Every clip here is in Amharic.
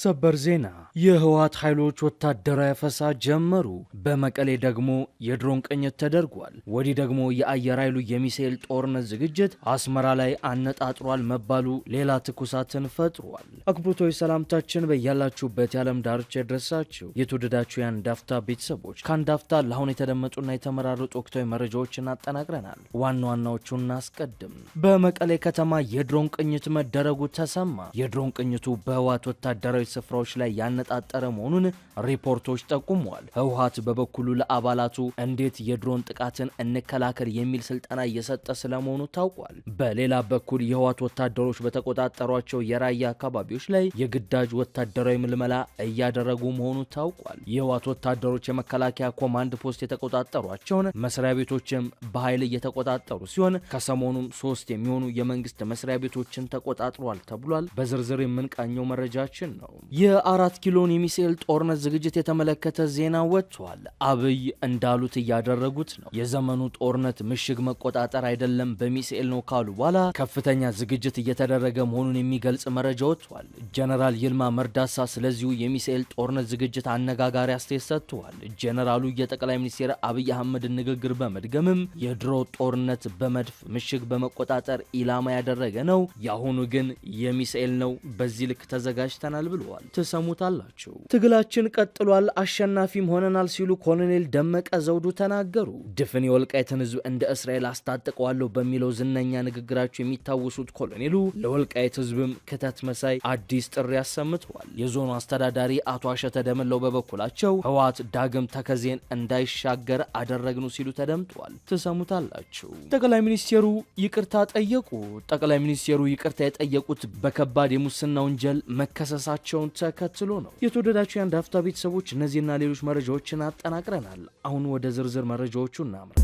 ሰበር ዜና የህወሓት ኃይሎች ወታደራዊ አፈሳ ጀመሩ። በመቀሌ ደግሞ የድሮን ቅኝት ተደርጓል። ወዲህ ደግሞ የአየር ኃይሉ የሚሳኤል ጦርነት ዝግጅት አስመራ ላይ አነጣጥሯል መባሉ ሌላ ትኩሳትን ፈጥሯል። አክብሮታዊ ሰላምታችን በያላችሁበት የዓለም ዳርቻ የደረሳችው የተወደዳችሁ የአንዳፍታ ቤተሰቦች ከአንዳፍታ ለአሁን የተደመጡና የተመራረጡ ወቅታዊ መረጃዎችን አጠናቅረናል። ዋና ዋናዎቹን እናስቀድም። በመቀሌ ከተማ የድሮን ቅኝት መደረጉ ተሰማ። የድሮን ቅኝቱ በህወሓት ወታደራዊ ስፍራዎች ላይ ያነጣጠረ መሆኑን ሪፖርቶች ጠቁመዋል። ህወሀት በበኩሉ ለአባላቱ እንዴት የድሮን ጥቃትን እንከላከል የሚል ስልጠና እየሰጠ ስለመሆኑ ታውቋል። በሌላ በኩል የህወሀት ወታደሮች በተቆጣጠሯቸው የራያ አካባቢዎች ላይ የግዳጅ ወታደራዊ ምልመላ እያደረጉ መሆኑ ታውቋል። የህወሀት ወታደሮች የመከላከያ ኮማንድ ፖስት የተቆጣጠሯቸውን መስሪያ ቤቶችም በኃይል እየተቆጣጠሩ ሲሆን ከሰሞኑም ሶስት የሚሆኑ የመንግስት መስሪያ ቤቶችን ተቆጣጥሯል ተብሏል። በዝርዝር የምንቃኘው መረጃችን ነው። የአራት ኪሎን የሚሳኤል ጦርነት ዝግጅት የተመለከተ ዜና ወጥቷል። አብይ እንዳሉት እያደረጉት ነው። የዘመኑ ጦርነት ምሽግ መቆጣጠር አይደለም በሚሳኤል ነው ካሉ በኋላ ከፍተኛ ዝግጅት እየተደረገ መሆኑን የሚገልጽ መረጃ ወጥቷል። ጀነራል ይልማ መርዳሳ ስለዚሁ የሚሳኤል ጦርነት ዝግጅት አነጋጋሪ አስተያየት ሰጥተዋል። ጀነራሉ የጠቅላይ ሚኒስትር አብይ አህመድን ንግግር በመድገምም የድሮ ጦርነት በመድፍ ምሽግ በመቆጣጠር ኢላማ ያደረገ ነው፣ የአሁኑ ግን የሚሳኤል ነው፣ በዚህ ልክ ተዘጋጅተናል ብሏል። ተናግረዋል። ትሰሙታላችሁ። ትግላችን ቀጥሏል፣ አሸናፊም ሆነናል ሲሉ ኮሎኔል ደመቀ ዘውዱ ተናገሩ። ድፍን የወልቃይትን ህዝብ እንደ እስራኤል አስታጥቀዋለሁ በሚለው ዝነኛ ንግግራቸው የሚታወሱት ኮሎኔሉ ለወልቃይት ህዝብም ክተት መሳይ አዲስ ጥሪ አሰምተዋል። የዞኑ አስተዳዳሪ አቶ አሸተ ደምለው በበኩላቸው ህወሓት ዳግም ተከዜን እንዳይሻገር አደረግኑ ሲሉ ተደምጧል። ትሰሙታላችሁ። ጠቅላይ ሚኒስቴሩ ይቅርታ ጠየቁ። ጠቅላይ ሚኒስቴሩ ይቅርታ የጠየቁት በከባድ የሙስና ወንጀል መከሰሳቸው መረጃውን ተከትሎ ነው። የተወደዳቸው የአንድ አፍታ ቤተሰቦች እነዚህና ሌሎች መረጃዎችን አጠናቅረናል። አሁን ወደ ዝርዝር መረጃዎቹ እናምራ።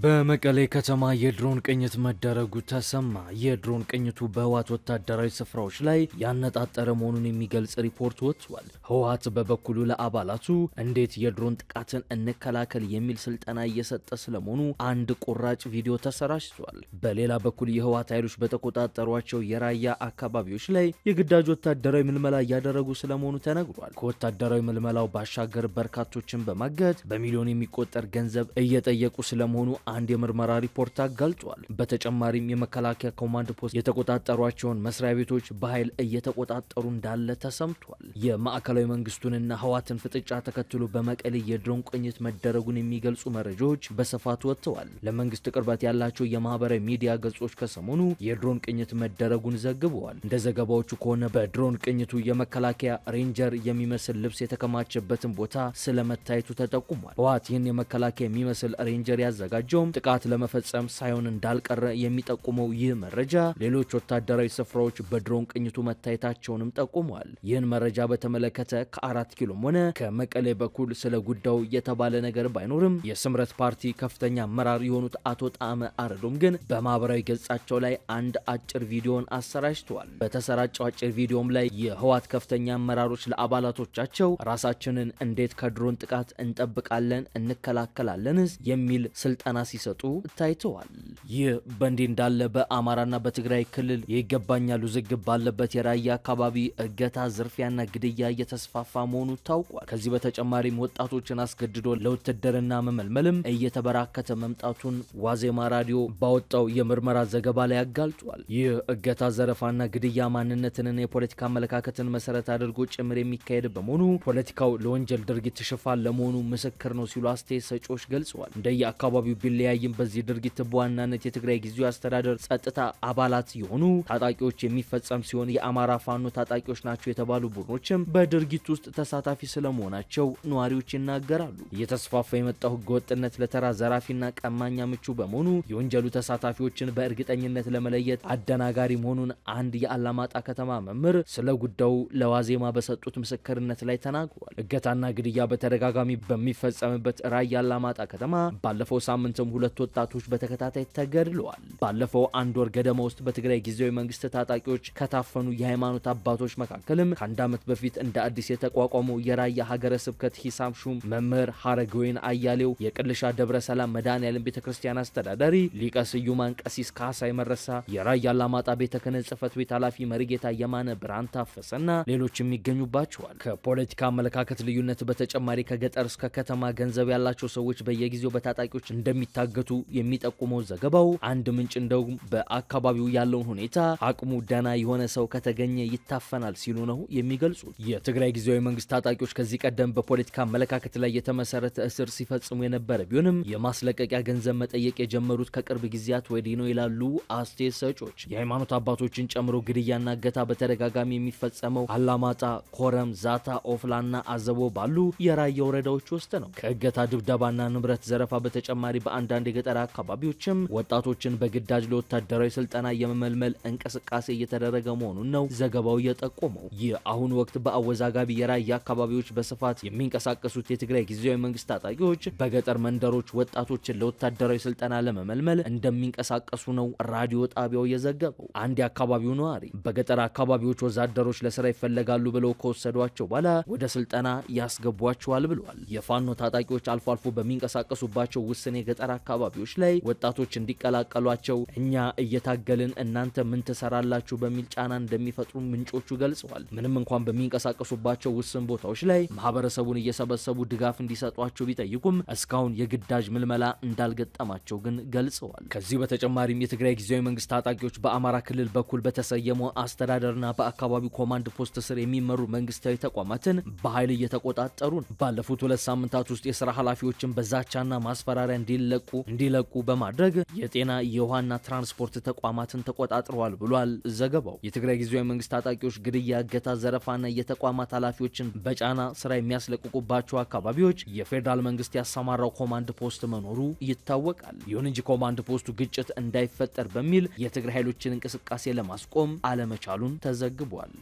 በመቀሌ ከተማ የድሮን ቅኝት መደረጉ ተሰማ። የድሮን ቅኝቱ በህወሓት ወታደራዊ ስፍራዎች ላይ ያነጣጠረ መሆኑን የሚገልጽ ሪፖርት ወጥቷል። ህወሓት በበኩሉ ለአባላቱ እንዴት የድሮን ጥቃትን እንከላከል የሚል ስልጠና እየሰጠ ስለመሆኑ አንድ ቁራጭ ቪዲዮ ተሰራጭቷል። በሌላ በኩል የህወሓት ኃይሎች በተቆጣጠሯቸው የራያ አካባቢዎች ላይ የግዳጅ ወታደራዊ ምልመላ እያደረጉ ስለመሆኑ ተነግሯል። ከወታደራዊ ምልመላው ባሻገር በርካቶችን በማገት በሚሊዮን የሚቆጠር ገንዘብ እየጠየቁ ስለመሆኑ አንድ የምርመራ ሪፖርት አጋልጧል። በተጨማሪም የመከላከያ ኮማንድ ፖስት የተቆጣጠሯቸውን መስሪያ ቤቶች በኃይል እየተቆጣጠሩ እንዳለ ተሰምቷል። የማዕከላዊ መንግስቱንና ህዋትን ፍጥጫ ተከትሎ በመቀሌ የድሮን ቅኝት መደረጉን የሚገልጹ መረጃዎች በስፋት ወጥተዋል። ለመንግስት ቅርበት ያላቸው የማህበራዊ ሚዲያ ገጾች ከሰሞኑ የድሮን ቅኝት መደረጉን ዘግበዋል። እንደ ዘገባዎቹ ከሆነ በድሮን ቅኝቱ የመከላከያ ሬንጀር የሚመስል ልብስ የተከማቸበትን ቦታ ስለመታየቱ ተጠቁሟል። ህዋት ይህን የመከላከያ የሚመስል ሬንጀር ያዘጋጀው እርምጃውም ጥቃት ለመፈጸም ሳይሆን እንዳልቀረ የሚጠቁመው ይህ መረጃ ሌሎች ወታደራዊ ስፍራዎች በድሮን ቅኝቱ መታየታቸውንም ጠቁሟል። ይህን መረጃ በተመለከተ ከአራት ኪሎም ሆነ ከመቀሌ በኩል ስለ ጉዳዩ የተባለ ነገር ባይኖርም የስምረት ፓርቲ ከፍተኛ አመራር የሆኑት አቶ ጣዕመ አረዶም ግን በማህበራዊ ገጻቸው ላይ አንድ አጭር ቪዲዮን አሰራጅተዋል። በተሰራጨው አጭር ቪዲዮም ላይ የህወሓት ከፍተኛ አመራሮች ለአባላቶቻቸው ራሳችንን እንዴት ከድሮን ጥቃት እንጠብቃለን እንከላከላለንስ የሚል ስልጠና ሲሰጡ ታይተዋል። ይህ በእንዲህ እንዳለ በአማራና በትግራይ ክልል የይገባኛል ውዝግብ ባለበት የራያ አካባቢ እገታ፣ ዝርፊያና ግድያ እየተስፋፋ መሆኑ ታውቋል። ከዚህ በተጨማሪም ወጣቶችን አስገድዶ ለውትድርና መመልመልም እየተበራከተ መምጣቱን ዋዜማ ራዲዮ ባወጣው የምርመራ ዘገባ ላይ አጋልጧል። ይህ እገታ፣ ዘረፋና ግድያ ማንነትንና የፖለቲካ አመለካከትን መሰረት አድርጎ ጭምር የሚካሄድ በመሆኑ ፖለቲካው ለወንጀል ድርጊት ሽፋን ለመሆኑ ምስክር ነው ሲሉ አስተያየት ሰጪዎች ገልጸዋል። እንደየአካባቢው ቢል ብንለያይም በዚህ ድርጊት በዋናነት የትግራይ ጊዜያዊ አስተዳደር ጸጥታ አባላት የሆኑ ታጣቂዎች የሚፈጸም ሲሆን የአማራ ፋኖ ታጣቂዎች ናቸው የተባሉ ቡድኖችም በድርጊት ውስጥ ተሳታፊ ስለመሆናቸው ነዋሪዎች ይናገራሉ። እየተስፋፋ የመጣው ህገወጥነት ለተራ ዘራፊና ቀማኛ ምቹ በመሆኑ የወንጀሉ ተሳታፊዎችን በእርግጠኝነት ለመለየት አደናጋሪ መሆኑን አንድ የአላማጣ ከተማ መምህር ስለ ጉዳዩ ለዋዜማ በሰጡት ምስክርነት ላይ ተናግሯል። እገታና ግድያ በተደጋጋሚ በሚፈጸምበት ራያ አላማጣ ከተማ ባለፈው ሳምንት ያላቸውም ሁለት ወጣቶች በተከታታይ ተገድለዋል። ባለፈው አንድ ወር ገደማ ውስጥ በትግራይ ጊዜያዊ መንግስት ታጣቂዎች ከታፈኑ የሃይማኖት አባቶች መካከልም ከአንድ ዓመት በፊት እንደ አዲስ የተቋቋመው የራያ ሀገረ ስብከት ሂሳም ሹም መምህር ሀረገወይን አያሌው፣ የቅልሻ ደብረ ሰላም መድኃኔዓለም ቤተ ክርስቲያን አስተዳዳሪ ሊቀ ስዩማን ቀሲስ ካሳይ መረሳ፣ የራያ አላማጣ ቤተ ክህነት ጽሕፈት ቤት ኃላፊ መሪጌታ የማነ ብርሃን ታፈሰና ሌሎች የሚገኙባቸዋል። ከፖለቲካ አመለካከት ልዩነት በተጨማሪ ከገጠር እስከ ከተማ ገንዘብ ያላቸው ሰዎች በየጊዜው በታጣቂዎች እንደሚ እንደሚታገቱ የሚጠቁመው ዘገባው። አንድ ምንጭ እንደውም በአካባቢው ያለውን ሁኔታ አቅሙ ደና የሆነ ሰው ከተገኘ ይታፈናል ሲሉ ነው የሚገልጹት። የትግራይ ጊዜያዊ መንግስት ታጣቂዎች ከዚህ ቀደም በፖለቲካ አመለካከት ላይ የተመሰረተ እስር ሲፈጽሙ የነበረ ቢሆንም የማስለቀቂያ ገንዘብ መጠየቅ የጀመሩት ከቅርብ ጊዜያት ወዲህ ነው ይላሉ አስተያየት ሰጮች። የሃይማኖት አባቶችን ጨምሮ ግድያና እገታ በተደጋጋሚ የሚፈጸመው አላማጣ፣ ኮረም፣ ዛታ፣ ኦፍላና አዘቦ ባሉ የራያ ወረዳዎች ውስጥ ነው። ከእገታ ድብደባና ንብረት ዘረፋ በተጨማሪ በአንድ በአንዳንድ የገጠር አካባቢዎችም ወጣቶችን በግዳጅ ለወታደራዊ ስልጠና የመመልመል እንቅስቃሴ እየተደረገ መሆኑን ነው ዘገባው እየጠቆመው። ይህ አሁን ወቅት በአወዛጋቢ የራያ አካባቢዎች በስፋት የሚንቀሳቀሱት የትግራይ ጊዜያዊ መንግስት ታጣቂዎች በገጠር መንደሮች ወጣቶችን ለወታደራዊ ስልጠና ለመመልመል እንደሚንቀሳቀሱ ነው ራዲዮ ጣቢያው የዘገበው። አንድ የአካባቢው ነዋሪ በገጠር አካባቢዎች ወዛደሮች ለስራ ይፈለጋሉ ብለው ከወሰዷቸው በኋላ ወደ ስልጠና ያስገቧቸዋል ብሏል። የፋኖ ታጣቂዎች አልፎ አልፎ በሚንቀሳቀሱባቸው ውስን የገጠር አካባቢዎች ላይ ወጣቶች እንዲቀላቀሏቸው እኛ እየታገልን እናንተ ምን ትሰራላችሁ በሚል ጫና እንደሚፈጥሩ ምንጮቹ ገልጸዋል። ምንም እንኳን በሚንቀሳቀሱባቸው ውስን ቦታዎች ላይ ማህበረሰቡን እየሰበሰቡ ድጋፍ እንዲሰጧቸው ቢጠይቁም እስካሁን የግዳጅ ምልመላ እንዳልገጠማቸው ግን ገልጸዋል። ከዚህ በተጨማሪም የትግራይ ጊዜያዊ መንግስት ታጣቂዎች በአማራ ክልል በኩል በተሰየመው አስተዳደርና በአካባቢው ኮማንድ ፖስት ስር የሚመሩ መንግስታዊ ተቋማትን በኃይል እየተቆጣጠሩ ነው። ባለፉት ሁለት ሳምንታት ውስጥ የስራ ኃላፊዎችን በዛቻና ማስፈራሪያ እንዲለቁ እንዲለቁ እንዲለቁ በማድረግ የጤና የውሃና ትራንስፖርት ተቋማትን ተቆጣጥረዋል ብሏል ዘገባው። የትግራይ ጊዜያዊ መንግስት ታጣቂዎች ግድያ፣ እገታ፣ ዘረፋና የተቋማት ኃላፊዎችን በጫና ስራ የሚያስለቅቁባቸው አካባቢዎች የፌዴራል መንግስት ያሰማራው ኮማንድ ፖስት መኖሩ ይታወቃል። ይሁን እንጂ ኮማንድ ፖስቱ ግጭት እንዳይፈጠር በሚል የትግራይ ኃይሎችን እንቅስቃሴ ለማስቆም አለመቻሉን ተዘግቧል።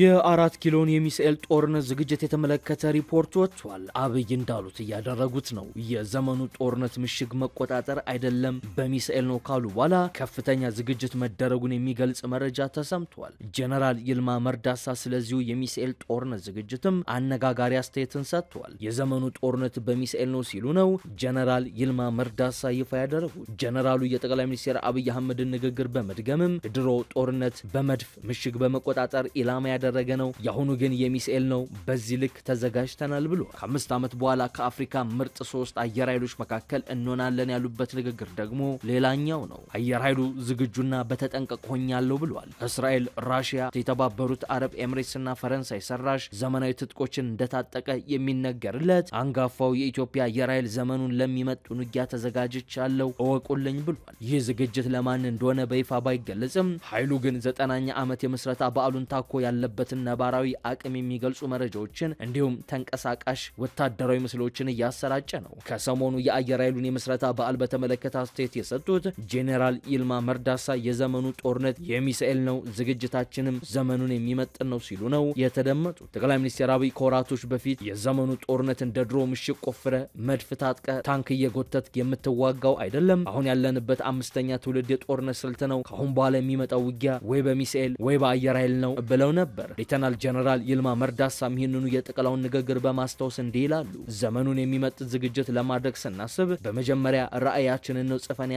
የአራት ኪሎን የሚሳኤል ጦርነት ዝግጅት የተመለከተ ሪፖርት ወጥቷል። አብይ እንዳሉት እያደረጉት ነው። የዘመኑ ጦርነት ምሽግ መቆጣጠር አይደለም በሚሳኤል ነው ካሉ በኋላ ከፍተኛ ዝግጅት መደረጉን የሚገልጽ መረጃ ተሰምቷል። ጀነራል ይልማ መርዳሳ ስለዚሁ የሚሳኤል ጦርነት ዝግጅትም አነጋጋሪ አስተያየትን ሰጥቷል። የዘመኑ ጦርነት በሚሳኤል ነው ሲሉ ነው ጀነራል ይልማ መርዳሳ ይፋ ያደረጉት። ጀነራሉ የጠቅላይ ሚኒስትር አብይ አህመድን ንግግር በመድገምም ድሮ ጦርነት በመድፍ ምሽግ በመቆጣጠር ኢላማ ያደ እየተደረገ ነው። የአሁኑ ግን የሚሳኤል ነው። በዚህ ልክ ተዘጋጅተናል ብሎ ከአምስት ዓመት በኋላ ከአፍሪካ ምርጥ ሶስት አየር ኃይሎች መካከል እንሆናለን ያሉበት ንግግር ደግሞ ሌላኛው ነው። አየር ኃይሉ ዝግጁና በተጠንቀቅ ሆኛለሁ ብሏል። እስራኤል፣ ራሽያ፣ የተባበሩት አረብ ኤምሬትስና ፈረንሳይ ሰራሽ ዘመናዊ ትጥቆችን እንደታጠቀ የሚነገርለት አንጋፋው የኢትዮጵያ አየር ኃይል ዘመኑን ለሚመጡ ውጊያ ተዘጋጅቻለሁ እወቁልኝ ብሏል። ይህ ዝግጅት ለማን እንደሆነ በይፋ ባይገለጽም ኃይሉ ግን ዘጠናኛ ዓመት የምስረታ በዓሉን ታኮ ያለበት ያለበትን ነባራዊ አቅም የሚገልጹ መረጃዎችን እንዲሁም ተንቀሳቃሽ ወታደራዊ ምስሎችን እያሰራጨ ነው። ከሰሞኑ የአየር ኃይሉን የምስረታ በዓል በተመለከተ አስተያየት የሰጡት ጄኔራል ይልማ መርዳሳ የዘመኑ ጦርነት የሚሳኤል ነው፣ ዝግጅታችንም ዘመኑን የሚመጥን ነው ሲሉ ነው የተደመጡ ጠቅላይ ሚኒስትር አብይ ከወራቶች በፊት የዘመኑ ጦርነት እንደ ድሮ ምሽግ ቆፍረ መድፍ ታጥቀ ታንክ እየጎተት የምትዋጋው አይደለም። አሁን ያለንበት አምስተኛ ትውልድ የጦርነት ስልት ነው። ከአሁን በኋላ የሚመጣው ውጊያ ወይ በሚሳኤል ወይ በአየር ኃይል ነው ብለው ነበር። ነበር። ሌተናል ጀነራል ይልማ መርዳሳም ይህንኑ የጠቅላውን ንግግር በማስታወስ እንዲህ ይላሉ። ዘመኑን የሚመጥ ዝግጅት ለማድረግ ስናስብ በመጀመሪያ ራዕያችንን ነው ጽፈን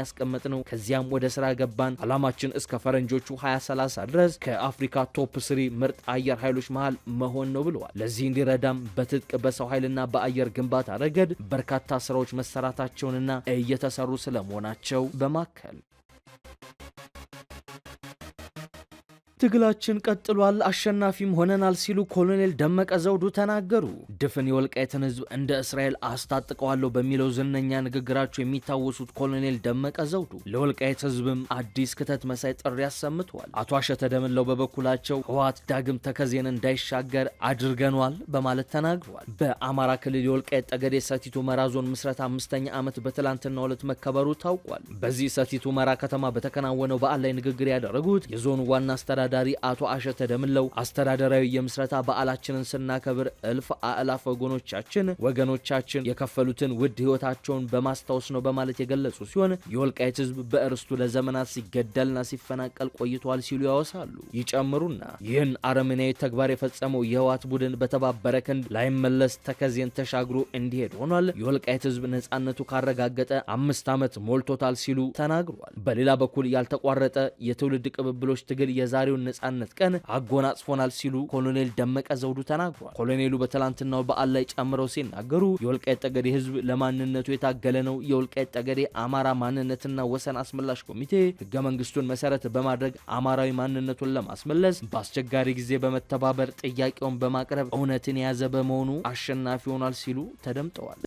ነው ከዚያም ወደ ስራ ገባን። አላማችን እስከ ፈረንጆቹ 2030 ድረስ ከአፍሪካ ቶፕ ስሪ ምርጥ አየር ኃይሎች መሃል መሆን ነው ብለዋል። ለዚህ እንዲረዳም በትጥቅ በሰው ኃይልና በአየር ግንባታ ረገድ በርካታ ስራዎች መሰራታቸውንና እየተሰሩ ስለመሆናቸው በማከል ትግላችን ቀጥሏል፣ አሸናፊም ሆነናል ሲሉ ኮሎኔል ደመቀ ዘውዱ ተናገሩ። ድፍን የወልቃይትን ህዝብ እንደ እስራኤል አስታጥቀዋለሁ በሚለው ዝነኛ ንግግራቸው የሚታወሱት ኮሎኔል ደመቀ ዘውዱ ለወልቃይት ህዝብም አዲስ ክተት መሳይ ጥሪ አሰምተዋል። አቶ አሸተ ደምለው በበኩላቸው ህወሓት ዳግም ተከዜን እንዳይሻገር አድርገኗል በማለት ተናግሯል። በአማራ ክልል የወልቃይት ጠገዴ ሰቲት ሁመራ ዞን ምስረት አምስተኛ ዓመት በትላንትናው ዕለት መከበሩ ታውቋል። በዚህ ሰቲት ሁመራ ከተማ በተከናወነው በዓል ላይ ንግግር ያደረጉት የዞኑ ዋና አስተዳደ አስተዳዳሪ አቶ አሸተ ደምለው አስተዳደራዊ የምስረታ በዓላችንን ስናከብር እልፍ አእላፍ ወገኖቻችን ወገኖቻችን የከፈሉትን ውድ ሕይወታቸውን በማስታወስ ነው በማለት የገለጹ ሲሆን የወልቃይት ሕዝብ በእርስቱ ለዘመናት ሲገደልና ሲፈናቀል ቆይቷል ሲሉ ያወሳሉ። ይጨምሩና ይህን አረመኔያዊ ተግባር የፈጸመው የህወሓት ቡድን በተባበረ ክንድ ላይመለስ ተከዜን ተሻግሮ እንዲሄድ ሆኗል። የወልቃይት ህዝብ ነጻነቱ ካረጋገጠ አምስት ዓመት ሞልቶታል ሲሉ ተናግሯል። በሌላ በኩል ያልተቋረጠ የትውልድ ቅብብሎች ትግል የዛሬውን የአገሩን ነጻነት ቀን አጎናጽፎናል ሲሉ ኮሎኔል ደመቀ ዘውዱ ተናግሯል። ኮሎኔሉ በትላንትናው በዓል ላይ ጨምረው ሲናገሩ የወልቃይት ጠገዴ ህዝብ ለማንነቱ የታገለ ነው። የወልቃይት ጠገዴ አማራ ማንነትና ወሰን አስመላሽ ኮሚቴ ህገ መንግስቱን መሰረት በማድረግ አማራዊ ማንነቱን ለማስመለስ በአስቸጋሪ ጊዜ በመተባበር ጥያቄውን በማቅረብ እውነትን የያዘ በመሆኑ አሸናፊ ሆኗል ሲሉ ተደምጠዋል።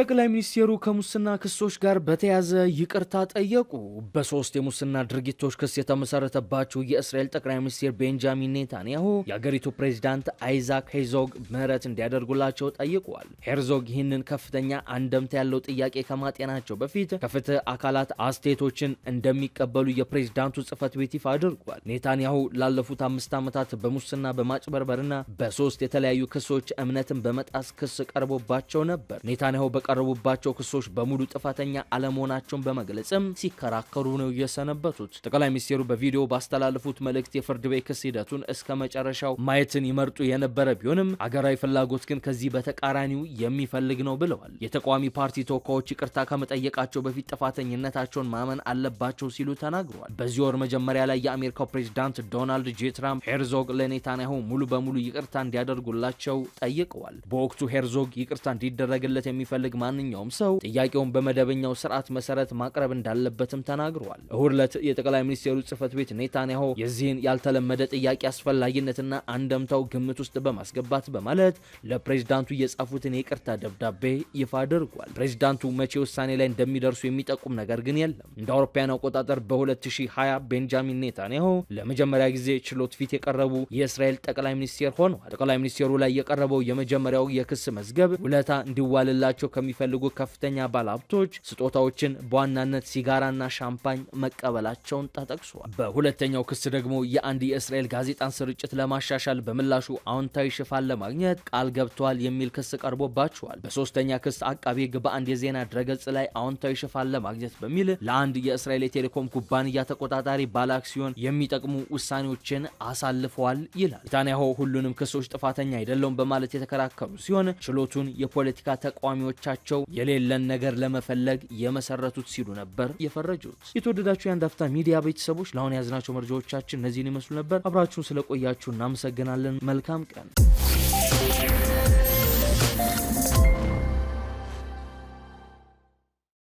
ጠቅላይ ሚኒስቴሩ ከሙስና ክሶች ጋር በተያዘ ይቅርታ ጠየቁ። በሶስት የሙስና ድርጊቶች ክስ የተመሰረተባቸው የእስራኤል ጠቅላይ ሚኒስቴር ቤንጃሚን ኔታንያሁ የአገሪቱ ፕሬዚዳንት አይዛክ ሄርዞግ ምህረት እንዲያደርጉላቸው ጠይቀዋል። ሄርዞግ ይህንን ከፍተኛ አንደምታ ያለው ጥያቄ ከማጤናቸው በፊት ከፍትህ አካላት አስተያየቶችን እንደሚቀበሉ የፕሬዚዳንቱ ጽህፈት ቤት ይፋ አድርጓል። ኔታንያሁ ላለፉት አምስት ዓመታት በሙስና በማጭበርበርና በሶስት የተለያዩ ክሶች እምነትን በመጣስ ክስ ቀርቦባቸው ነበር። ኔታንያሁ በ የቀረቡባቸው ክሶች በሙሉ ጥፋተኛ አለመሆናቸውን በመግለጽም ሲከራከሩ ነው የሰነበቱት። ጠቅላይ ሚኒስትሩ በቪዲዮ ባስተላለፉት መልእክት የፍርድ ቤት ክስ ሂደቱን እስከ መጨረሻው ማየትን ይመርጡ የነበረ ቢሆንም አገራዊ ፍላጎት ግን ከዚህ በተቃራኒው የሚፈልግ ነው ብለዋል። የተቃዋሚ ፓርቲ ተወካዮች ይቅርታ ከመጠየቃቸው በፊት ጥፋተኝነታቸውን ማመን አለባቸው ሲሉ ተናግረዋል። በዚህ ወር መጀመሪያ ላይ የአሜሪካው ፕሬዚዳንት ዶናልድ ጄ ትራምፕ ሄርዞግ ለኔታንያሁ ሙሉ በሙሉ ይቅርታ እንዲያደርጉላቸው ጠይቀዋል። በወቅቱ ሄርዞግ ይቅርታ እንዲደረግለት የሚፈልግ ማንኛውም ሰው ጥያቄውን በመደበኛው ስርዓት መሰረት ማቅረብ እንዳለበትም ተናግረዋል። እሁድ ዕለት የጠቅላይ ሚኒስቴሩ ጽህፈት ቤት ኔታንያሁ የዚህን ያልተለመደ ጥያቄ አስፈላጊነትና አንደምታው ግምት ውስጥ በማስገባት በማለት ለፕሬዝዳንቱ የጻፉትን የቅርታ ደብዳቤ ይፋ አድርጓል። ፕሬዝዳንቱ መቼ ውሳኔ ላይ እንደሚደርሱ የሚጠቁም ነገር ግን የለም። እንደ አውሮፓውያን አቆጣጠር በ2020 ቤንጃሚን ኔታንያሁ ለመጀመሪያ ጊዜ ችሎት ፊት የቀረቡ የእስራኤል ጠቅላይ ሚኒስቴር ሆነዋል። ጠቅላይ ሚኒስቴሩ ላይ የቀረበው የመጀመሪያው የክስ መዝገብ ውለታ እንዲዋልላቸው ከሚ የሚፈልጉ ከፍተኛ ባለሀብቶች ስጦታዎችን በዋናነት ሲጋራና ሻምፓኝ መቀበላቸውን ተጠቅሷል። በሁለተኛው ክስ ደግሞ የአንድ የእስራኤል ጋዜጣን ስርጭት ለማሻሻል በምላሹ አዎንታዊ ሽፋን ለማግኘት ቃል ገብተዋል የሚል ክስ ቀርቦባቸዋል። በሶስተኛ ክስ አቃቤ ሕግ በአንድ የዜና ድረገጽ ላይ አዎንታዊ ሽፋን ለማግኘት በሚል ለአንድ የእስራኤል የቴሌኮም ኩባንያ ተቆጣጣሪ ባለ አክሲዮን የሚጠቅሙ ውሳኔዎችን አሳልፈዋል ይላል። ኔታንያሁ ሁሉንም ክሶች ጥፋተኛ አይደለውም በማለት የተከራከሩ ሲሆን ችሎቱን የፖለቲካ ተቃዋሚዎች መነሻቸው የሌለን ነገር ለመፈለግ የመሰረቱት ሲሉ ነበር የፈረጁት። የተወደዳችሁ የአንድ አፍታ ሚዲያ ቤተሰቦች ለአሁን የያዝናቸው መረጃዎቻችን እነዚህን ይመስሉ ነበር። አብራችሁን ስለቆያችሁ እናመሰግናለን። መልካም ቀን